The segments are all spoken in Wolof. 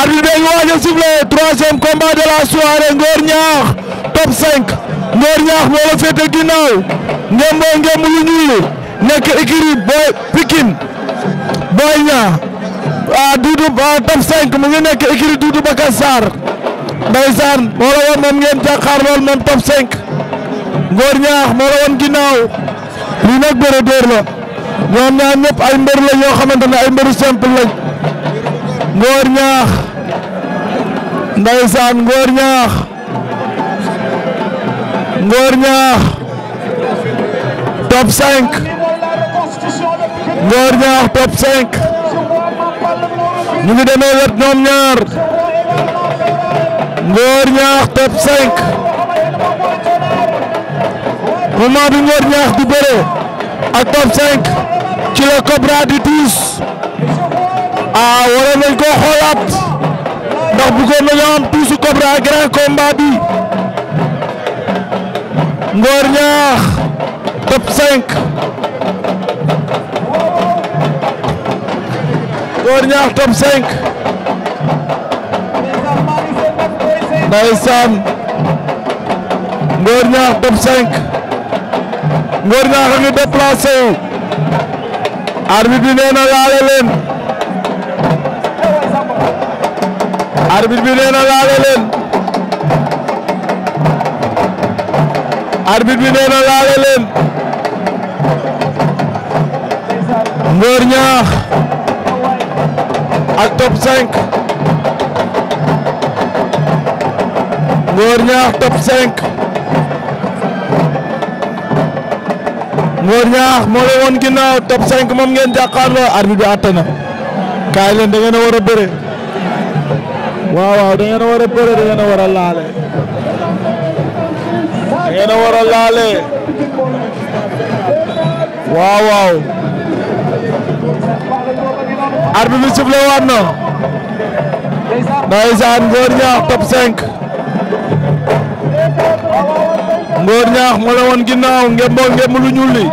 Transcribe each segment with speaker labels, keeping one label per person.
Speaker 1: arbitre bi ngi waaj a sifflé troisième de la soirée Ngor Niakh top 5 Ngor Niakh moo la féete ginnaaw ngembo ngemb lu ñuul nekk écurie Boy Pikine Boy Niang ah Doudou ah, top 5 mu ngi nekk écurie Doudou Bakar Sarr ndeysaan moo la moom ngeen jàkkaarlool moom top 5 Ngor Niakh moo la woon ginnaaw lii nag bëre dóor la ñoom ñaar ñëpp ay mbër la ñoo xamante ne ay mbëru simple lañ. Ngor Ñaax ndeysaan Ngor Ñaax Ngor Ñaax top 5 Ngor Ñaax top 5 ñu ngi demee wet ñoom ñaar Ngor Ñaax top 5 moment bi Ngor Ñaax di bëre ak top 5 ci la Cobra di tuus ah wala nañ koo xoolaat ndax bëggoon nañoo am tuusu grand combat bi Ngor Niakh top 5 Ngor Niakh top 5 ndeysaan Ngor Niakh top 5 Ngor Niakh a ngi déplacé wu bi nee na laale leen arbitre bi nee na laale leen bi nee na laale leen Ngor Ñaax ak Top 5 Ngor Ñaax Top 5 Ngor Ñaax moo la woon Top 5 moom ngeen jàkkaarloo arbitre bi àtte na leen da ngeen a war a bëre waaw waaw da ngeen a war a bëre da ngeen laale. da a war laale. waaw waaw. arbitre bi sifflé waat na. ndeysaan Ngor Niakh top 5. Ngor Niakh moo la woon ginnaaw ngeen lu ñuul li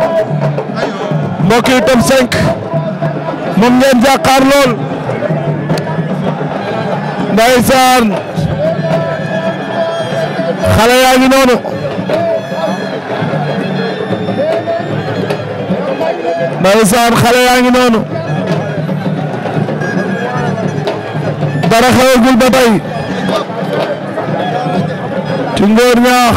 Speaker 1: top 5. moom ngeen jàkkaar lool. ndeysaan xale yaa ngi noonu ndeysaan xale yaa ngi noonu dara xewagul ba tey ci ngóor ñaax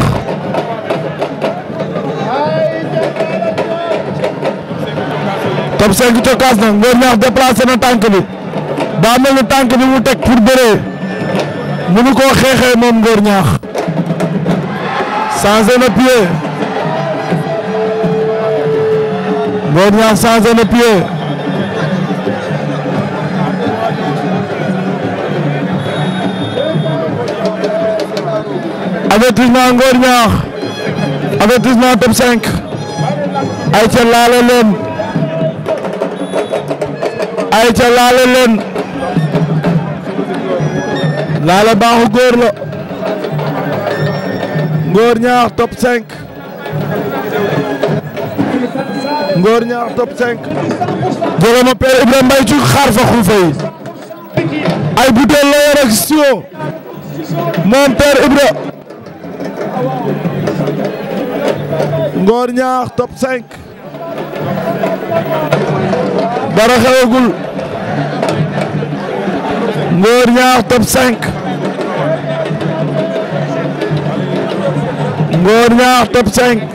Speaker 1: Top 5 cokkaas na ngóor ñaax déplacé na tànk bi daa mel ni tànk bi mu teg pour bëree mënu koo xeexee moom Ngor Ñaax changé na pied Ngor Ñaax na pied avertissement Ngor Ñaax avertissement top ay ca laale leen ay ca laale leen laale baaxu góor la ngóor ñaax top 5 ngóor ñaax top 5 jogoma père Ibrahima Mbaye ci fa xuufa yi ay butéel la yor ak Ibra ngóor ñaax top 5 dara xewagul Ngor Niakh top 5 Ngor Niakh top 5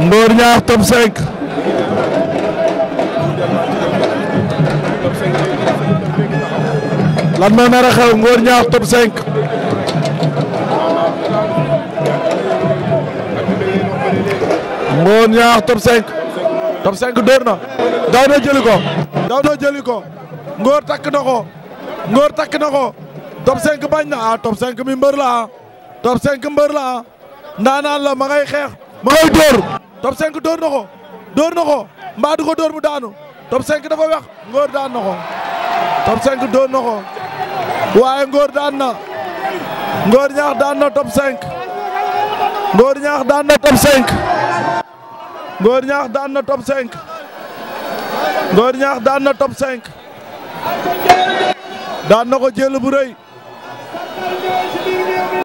Speaker 1: Ngor Niakh top 5 lan moo nar a xew Ngor Niakh top Ngor Niakh top 5. top 5 dóor na. daw jëli ko. daw na jëli ko. Ngor takk na ko. Ngor takk na ko. top 5 bañ na ah top 5 mi mbër la ah. top 5 mbër la ah. ndaanaan la ma ngay xeex. ma ngay dóor. top 5 dóor na ko. dóor na ko mbaa du ko dóor mu daanu. top 5 dafa wex Ngor daan na ko. top 5 dóor na daan na. top 5. Ngor Niakh daan na top 5. Ngor Ñaax daan na top 5 Ngor Ñaax daan na top 5 daan na ko jël bu rëy